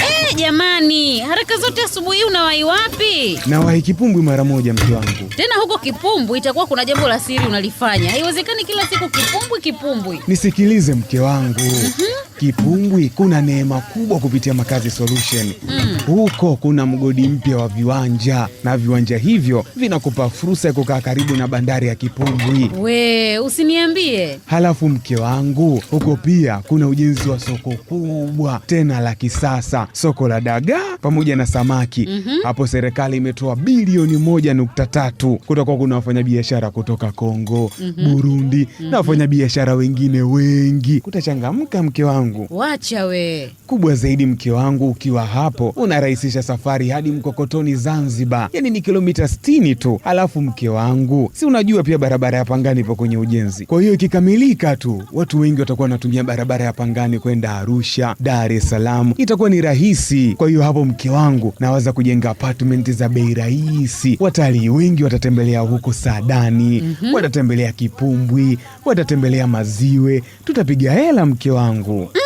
Eh, jamani, haraka zote asubuhi unawahi wapi? Nawahi Kipumbwi mara moja mke wangu. Tena huko Kipumbwi itakuwa kuna jambo la siri unalifanya. Haiwezekani kila siku Kipumbwi Kipumbwi. Nisikilize mke wangu. Mhm. Kipumbwi kuna neema kubwa kupitia Makazi Solution. Mm. Huko kuna mgodi mpya wa viwanja na viwanja hivyo vinakupa fursa ya kukaa karibu na bandari ya Kipumbwi. We, usiniambie. Halafu mke wangu, huko pia kuna ujenzi ununuzi wa soko kubwa tena la kisasa, soko la dagaa pamoja na samaki mm -hmm. Hapo serikali imetoa bilioni moja nukta tatu. kutoka kuna wafanyabiashara kutoka Kongo mm -hmm. Burundi mm -hmm. na mhm. wafanyabiashara wengine wengi. Kutachangamka mke wangu, wacha we. Kubwa zaidi mke wangu, ukiwa hapo unarahisisha safari hadi Mkokotoni Zanzibar, yani ni kilomita 60 tu. Alafu mke wangu, si unajua pia barabara ya Pangani ipo kwenye ujenzi, kwa hiyo ikikamilika tu watu wengi watakuwa wanatumia barabara ya Pangani kwenda Arusha, Dar es Salaam, itakuwa ni rahisi. Kwa hiyo hapo mke wangu, naweza kujenga apartment za bei rahisi. Watalii wengi watatembelea huko Sadani, mm -hmm. watatembelea Kipumbwi, watatembelea Maziwe, tutapiga hela mke wangu mm.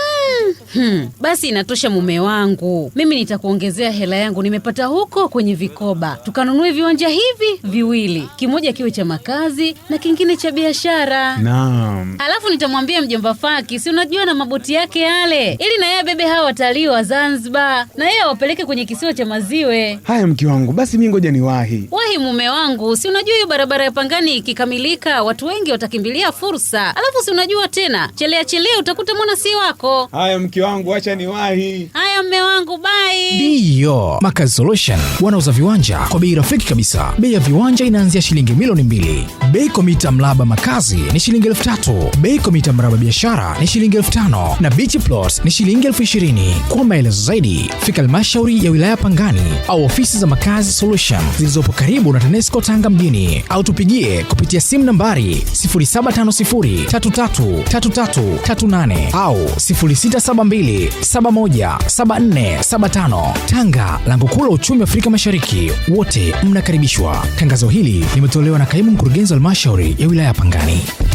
Hmm, basi inatosha mume wangu, mimi nitakuongezea hela yangu nimepata huko kwenye vikoba, tukanunue viwanja hivi viwili, kimoja kiwe cha makazi na kingine cha biashara. Naam, alafu nitamwambia mjomba Faki, si unajua na maboti yake yale, ili na yeye abebe hawa watalii wa Zanzibar na yeye awapeleke kwenye kisiwa cha Maziwe. Haya mke wangu, basi mi ngoja niwahi wahi. Mume wangu, si unajua hiyo barabara ya Pangani ikikamilika watu wengi watakimbilia fursa, alafu si unajua tena, chelea chelea utakuta mwana si wako. Haya mke mke wangu, acha niwahi. Haya mme wangu bai. Ndio Makazi Solution wanauza viwanja kwa bei rafiki kabisa. Bei ya viwanja inaanzia shilingi milioni mbili. Bei kwa mita mraba makazi ni shilingi elfu tatu. Bei kwa mita mraba biashara ni shilingi elfu tano na beach plots ni shilingi elfu ishirini. Kwa maelezo zaidi, fika halmashauri ya wilaya Pangani au ofisi za Makazi Solution zilizopo karibu na TANESCO Tanga mjini au tupigie kupitia simu nambari 0750333338 au 06727174 7475 Tanga, lango kuu la uchumi wa Afrika Mashariki. Wote mnakaribishwa. Tangazo hili limetolewa na kaimu mkurugenzi wa halmashauri ya wilaya ya Pangani.